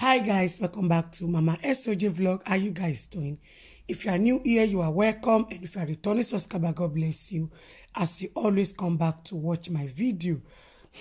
hi guys welcome back to mama soj vlog how you guys doing if you are new here you are welcome and if you are returning subscriber god bless you as you always come back to watch my video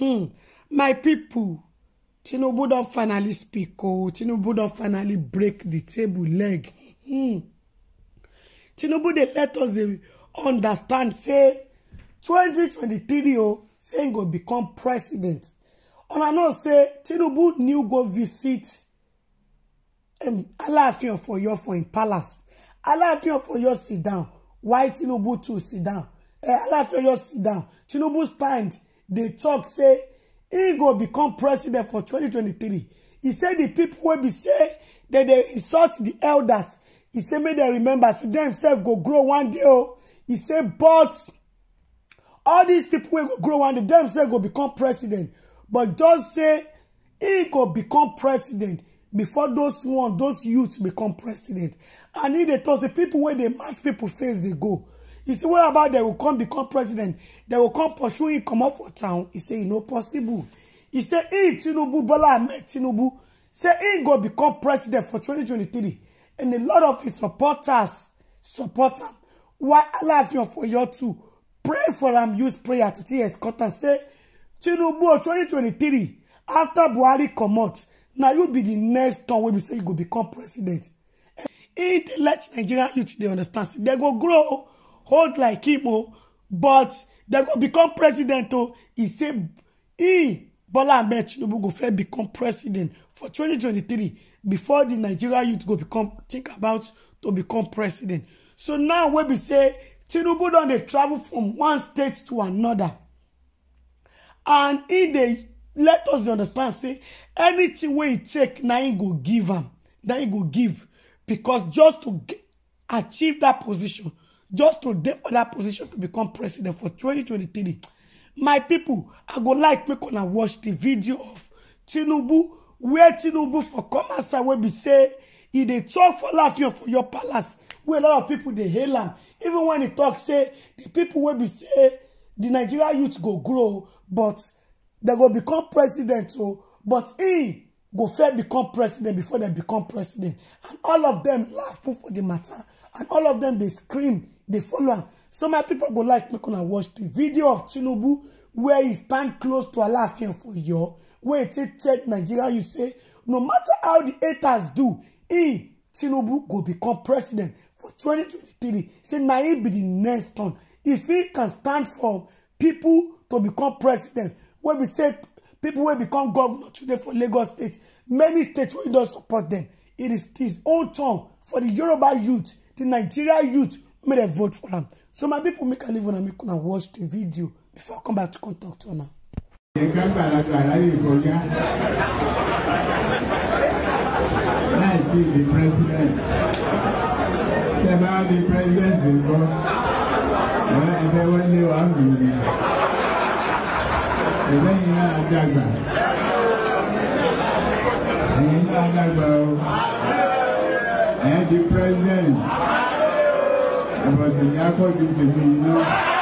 hmm my people tinubu don't finally speak oh tinubu don't finally break the table leg hmm tinubu they let us they understand say 2023 oh saying go become president I know say tinubu new go visit um, Aláàfin of Ọ̀yọ́ for im palace Aláàfin of Ọ̀yọ́ sit down why Tinubu too sit down uh, Aláàfin Ọ̀yọ́ sit down Tinubu stand dey talk say he go become president for 2023 He say the people wey be say dem dey insult the elders He say make dem remember say dem sef go grow one day o oh. he say but all these people wey go grow one day dem sef go become president but just say he go become president before those one those youths become president and if they talk the people wey dey match people face they go You see, what about they will come become president They will come pursue him comot for town He say no possible He say him tinubu bola ahmed tinubu say he go become president for 2023 and a lot of his supporters support why while alaafin for oyo too pray for him? use prayer to see, escort am say tinubu 2023 after buhari comot Now you be the next turn wey we say you go become president e dey let nigerian youth they understand they go grow hold like him o but they go become president o oh. e say e bola ahmed tinubu go fair become president for 2023 before the nigerian youth go become think about to become president so now wey we say tinubu don't dey travel from one state to another, and e dey let us understand say anything wey e take na im go give am na im go give because just to achieve that position just to dey for that position to become president for 2023 my people, i go like make una watch the video of tinubu where tinubu for come outside wey be say e dey talk for lafiya for your palace wey a lot of people dey hail am even when e talk, say the people wey be say the nigeria youth go grow but They go become president o, oh. but he go first become president before they become president. And all of them laugh for the matter. And all of them, they scream, they follow am. So my people go like make gonna watch the video of Tinubu where he stand close to Alaafin for Oyo, where it said Nigeria you say, no matter how the haters do, he, Tinubu, go become president for 2023. Say na he be the next one. If he can stand for people to become president, wey be say people wey become governor today for lagos state many states wey don support dem it is his own turn for di yoruba youth di nigeria youth make dem vote for am so my pipo make i leave una make una watch di video before i come back to come talk to una. nǹkan gbàlagbà di president tẹ bá di president nǹkan ẹ fẹ́ wọlé ẹlẹ́yìn náà dàgbà ẹ̀yin náà dàgbà o ẹ̀ di president ọ̀bọ̀dùn yà kọ́ ju tèmi náà.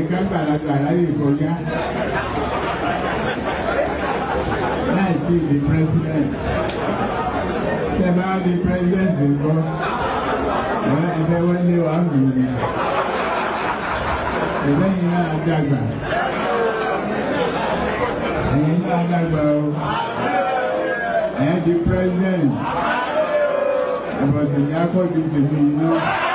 nǹkan gbàlagbà láyè kọjá láì tí ì di president tẹ bá di president nǹkan wọn ẹgbẹ́ wọlé wà gbòòrò ẹgbẹ́ yìí náà dàgbà ẹ̀yin náà dàgbà o ẹ di president ọbọdùn yà kọjú tèmi náà.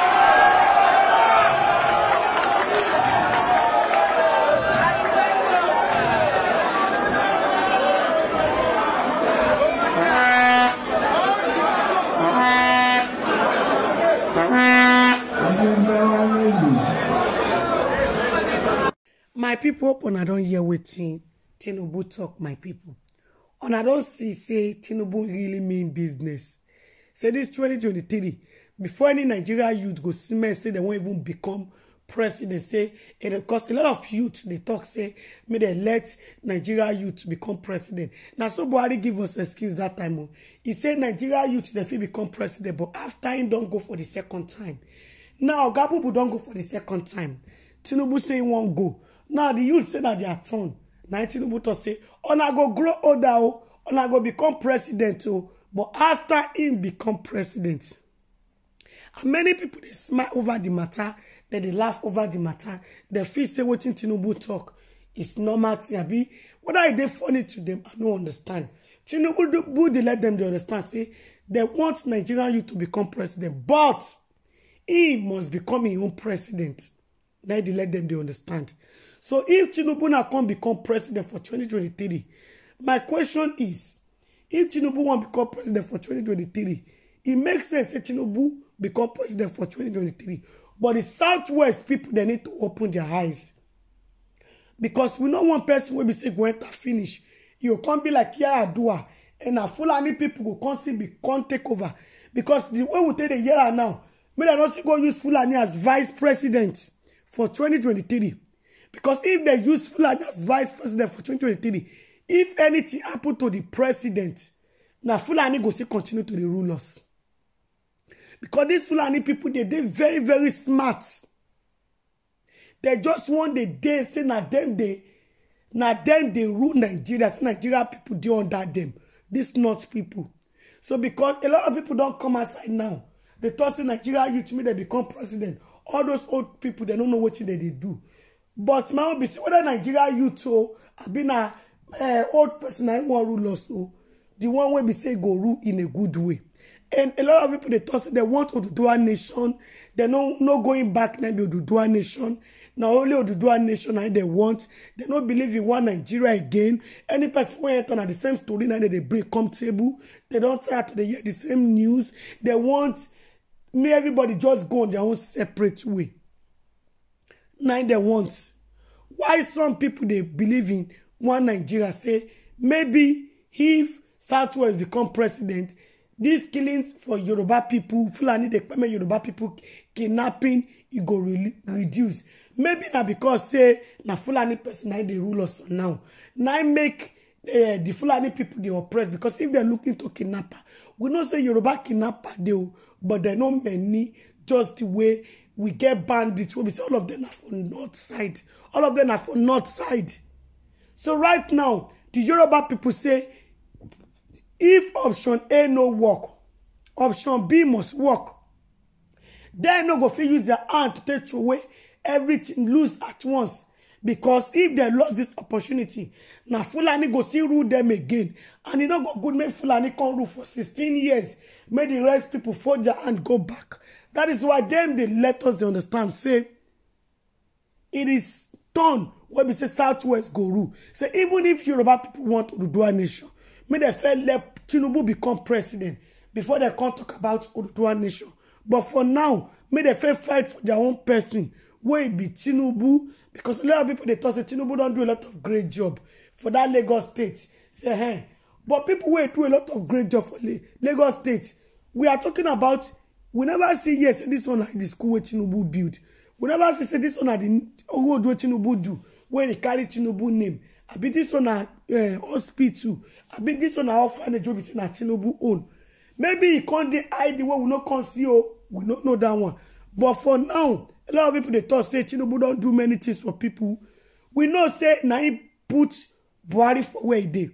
pipo hope una don hear wetin tinubu talk my pipo una don see say tinubu really mean business say this 2023 before any nigeria youth go cement say dem wan even become president say e dey cause a lot of youth dey talk say make dem let nigeria youth become president na so buhari give us excuse that time o oh. e say nigeria youth dem fit become president but after im don go for the second time now oga bubu don go for the second time tinubu say e wan go now the youth say that they are turn na tinubu tok say ona go grow older o ona go become president o but after him become president and many people they smile over the matter, dem they laugh over the matter. They feel say wetin tinubu talk, it's normal tin What are they e funny to them? i no understand tinubu they let them dey understand say they want nigerian youth to become president but he must become his own president Now they let them; they understand so if tinubu now come become president for 2023 my question is if tinubu wan become president for 2023 it makes sense that tinubu become president for 2023 but the southwest people they need to open their eyes because we know one person will be say go enter finish You can't be like yaradua and a fulani pipo go come still be come take over because the way we take dey yara now make dem no still go use fulani as vice president for 2023 because if they use Fulani as vice president for 2023 if anything happen to the president na Fulani go still continue to the rulers, because these Fulani people dey dey very very smart they just want dey dey say na them they na them they rule Nigeria say Nigeria people do under them. these not people so because a lot of people don't come outside now they talk in Nigeria youth make they become president all those old people, they don't know what they dey do but my own be say whether nigeria you youth o abi na eh, old person I want rule us o the one way be say go rule in a good way and a lot of people they thought they want oduduwa nation They no no going back now. the oduduwa nation now only oduduwa nation na they want They no believe in one nigeria again any person wey enter the same story Now dem dey bring come table they don't tire to hear the same news They want May everybody just go on their own separate way. Nine they want. Why some people they believe in one Nigeria say maybe if Southwest become president, these killings for Yoruba people, Fulani, the claim Yoruba people kidnapping, you e go re reduce. Maybe not because say na Fulani person now they rule us now. Now make uh, the Fulani people they oppress because if they're looking to kidnap we know say yoruba kidnapper dey but dem no many just the way we get bandits We be say all of them are for north side all of them are for north side so right now the yoruba people say if option a no work option b must work They no go fit use dia hand to take away everything loose at once because if they lost this opportunity na fulani go still rule them again and e no go good make fulani come rule for 16 years make the rest people fold dia hand go back That is why dem dey let us dey understand say it is done. wey be say southwest go rule say even if yoruba people want oduduwa nation make dem first let tinubu become president before they can talk about oduduwa nation but for now make dem first fight for their own person wey be tinubu because a lot of people dey talk say tinubu don do a lot of great job for that lagos state say hey. Eh, eh. but pipo wey do a lot of great job for lagos state we are talking about we never see yes say dis one na di school wey tinubu build we never see say this one na di road wey tinubu do wey dey carry tinubu name i bin dis one na eh, hospital i bin dis one na orphanage wey be say na tinubu own maybe e con dey hide the way we no con see o oh. we no know that one but for now a lot of people they talk say tinubu don't do many things for people we know say na put buhari for where he did,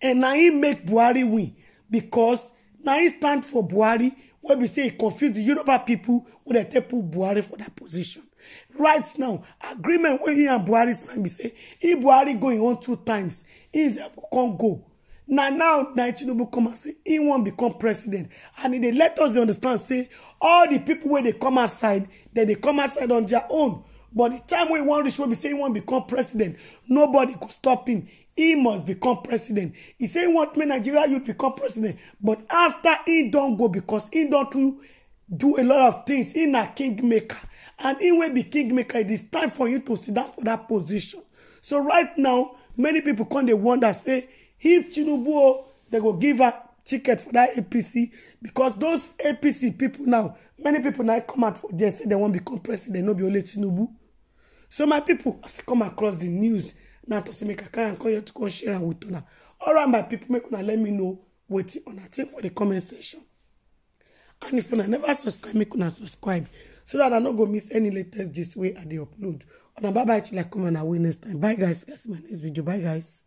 and na make buhari win because na stand for buhari wey we say he confused the yoruba people with dey take put buhari for that position right now agreement when he and buhari sign we say if buhari go e own two times him can't go Now, now na tinubu come and say he won't become president and e dey let us understand say all the people wey they come outside dem they come outside on their own but the time when one reach wey be saying he won't become president nobody could stop him he must become president He say he want make nigeria youth become president but after he don't go because he don't too do a lot of things he na kingmaker and he will be kingmaker it is time for you to sit down for that position so right now many people come dey wonder say If Tinubu, they go give her ticket for that APC because those APC people now, many people now come out for there say they won't become president, no be only Tinubu. So my people, as I come across the news, now to say make a carry and call you to come share and with una. All right, my people, make una let me know what on a thing for the comment section. And if una never subscribe, make una subscribe so that I no go miss any latest this way I dey upload. And bye bye till I come on our next time. Bye guys, see my next video. Bye guys.